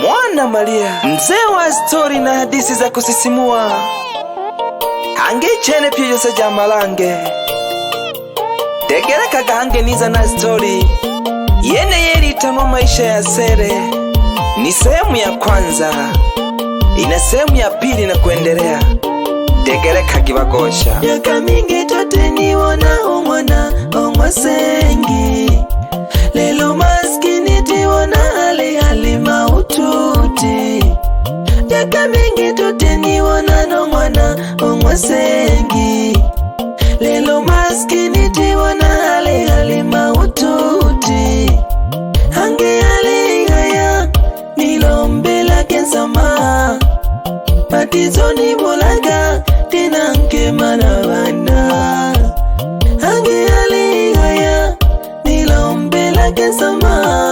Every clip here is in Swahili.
Mwana Maria, mzee wa stori na hadisi za kusisimua, hange chene pyo yose ja malange kaga hange niza na stori yene yelitanwa maisha ya sere. Ni sehemu ya kwanza, ina sehemu ya pili na kuendelea. Degereka gibagosha miaka mingi tote niwona ong'ona ong'wa lelo maskini tiwona miaka mingi tutendiwonano mwana omwasengi lelo maskini tiwona hali hali maututi hange hali ngaya nilombelake nsama matizoni bulaga tena nkema na bana ange hali ngaya nilombelake nsama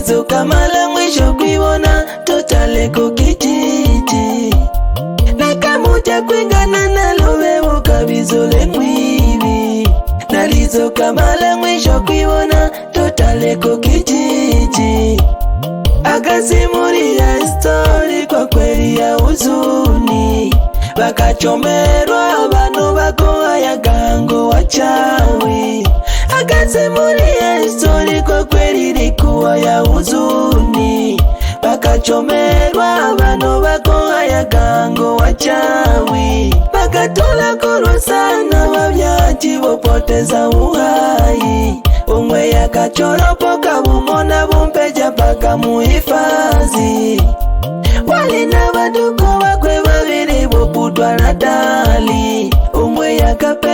tatizo kama la mwisho kuiona totale kokijiji na kamuja kwingana nalo wewe kabizole mwivi nalizo kama la mwisho kuiona totale kokijiji akasimulia stori kwa kweli ya huzuni banu vano vakoa yagango wachawi Wakasimulia historia, kwa kweli ilikuwa ya huzuni, bakachomerwa bano bakoha ya gango wachawi, bakatola korwa sana, wabyaji bopoteza uhai, umwe yakachoropoka bumona bumpeja paka muhifadhi, walina baduko bakwe babili bokutwala damu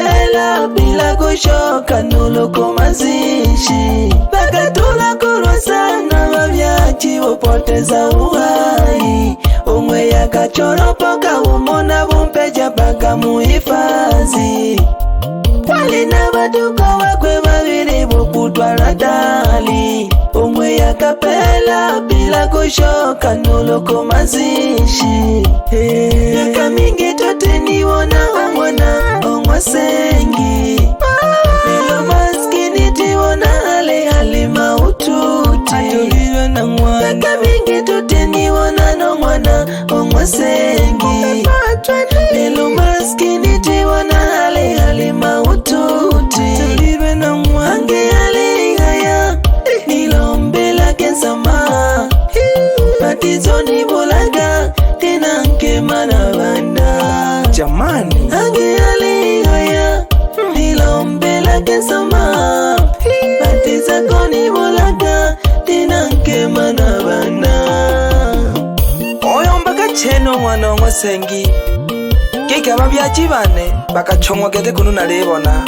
kulela bila kushoka ntulo ku mazishi bakatulakulwa sana babyachi bupoteza uhai umwe yakachoropoka umona bumpeja mpaka muhifadhi walina batuko bakwe babiri bukutwala dali umwe yakapela bila kushoka ntulo kumazishi mazishi miaka mingi tote niwona wamona masengi bila maskini tiwona maututi mingi no mwana omwasengi bila maskini tiwona maututi ange nilombela kensama musengi kikaba bya bakachongwa bakacongwagete kunu nalibona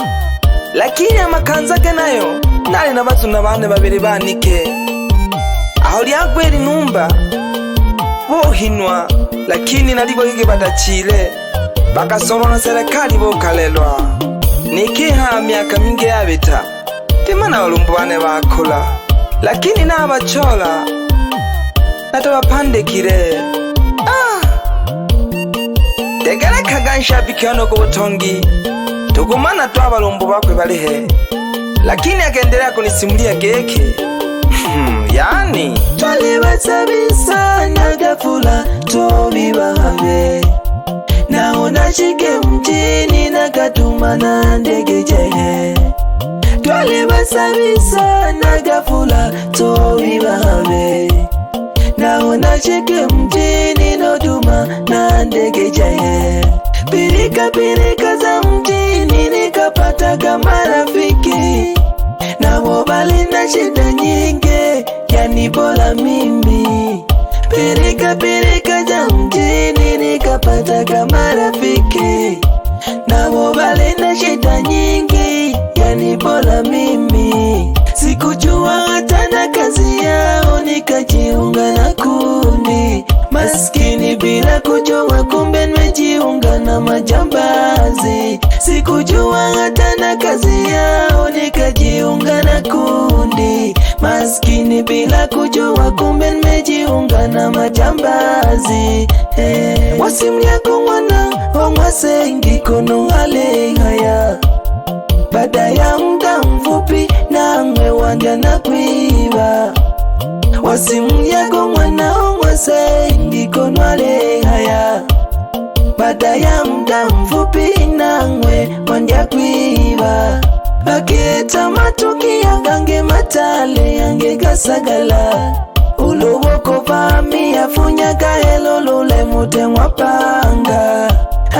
lakini amakanza ge nayo nali na bazuna bane babiri banike aho lyagwela inumba bohinwa lakini nalibo gige badachile bakasolwa na serikali bokalelwa nikiha myaka mingi yabita timana balumbu bane bakula lakini nabachola natabapandikile tegelekhaga nshapikhi ono ku buthongi tukumana twa valumbu vakwe valihe lakini akaendelea kunisimulia geke hmm, yani twalivasavisa na gafula tovivave naona chike mtini na katuma na ndege jehe twalivasavisa na gafula tovivave naona cheke mjini Dodoma na ndege jaye pirika pirika za mjini nikapata kama rafiki na mobali na shida nyingi, yani bora mimi pirika pirika za mjini nikapata kama rafiki na mobali na shida nyingi, yani bora mimi sikujua hata na kazi yao nikaji kundi maskini bila kujua, kumbe nimejiunga na majambazi. Sikujua hata na kazi yao, nikajiunga na kundi, maskini bila kujua, kumbe nimejiunga na majambazi. Hey. Eh, wasimlyako mwana hale haya baada ya muda mfupi, namwe wanja na kuiba wasimlyako Marseille iko haya baada ya muda mfupi nangwe wandia kuiva akita matuki gange matale yange gasagala uluboko pami yafunya kaelo lule mutemwa panga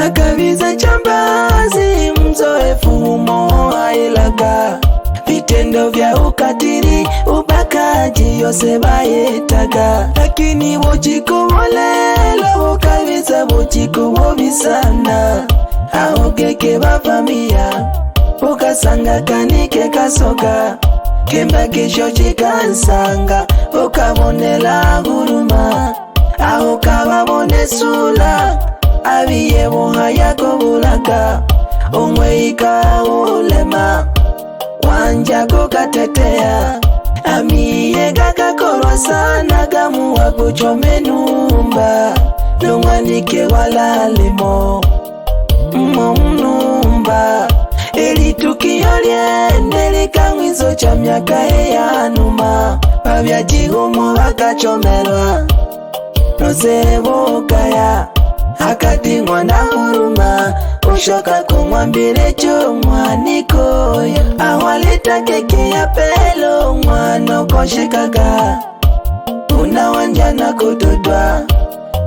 akaviza chambazi mzoefu umo aelaga vitendo vya ukatiri byose bayetaga lakini bokikobolela bokabisa bokikobobi sana aho keke bafamiya okasanga kanike kasoka kemba kesho kikansanga okabonela guruma aho kababone sula abiye boha yakobulaka omweika olema wanjako kateteya amiyegaka kolwasa nagamu waguchoma enumba nomwanike walalemo mmo mnumba eli tukio lyene likangwizo cha myaka eyanuma pavyajihumo vakachomelwa nosevokaya akatingwa mwana huruma ushoka kumwambire cho mwanikoya awaleta keke ya pelo mwanokoshekaga una na kututwa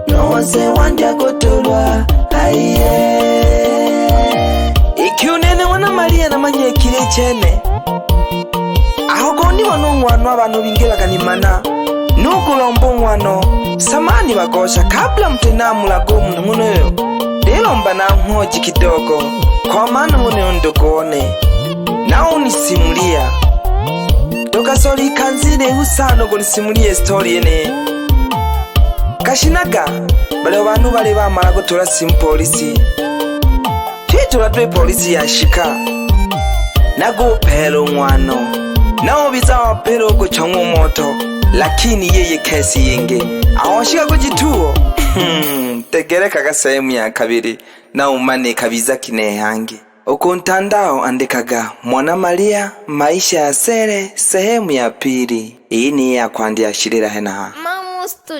nowose wanja kutulwa aiye ikiunene wana maria namanyekile chene aho gondi wanong'wana abantu binge bakanimana luku ng'wano samani wakosha kabla mtwinamulaku mng'unoyo na nankhoji kidogo na ng'unoyo ndukone soli ndokasolikhanzile usano kunisimulie sitori yene kashinaga baleho bandu bali bamala kutula simu polisi twitula twe polisi yashika naguphela ung'wano naubiza waphela uguchomwa moto lakini yeye kesi yinge awashika ku gituo hmm, tegereka sehemu ya kabiri na umane kabiza kinehange uku ntandao andikaga mwana maria maisha ya sere sehemu ya pili iyi niye yakwandiashirira henaha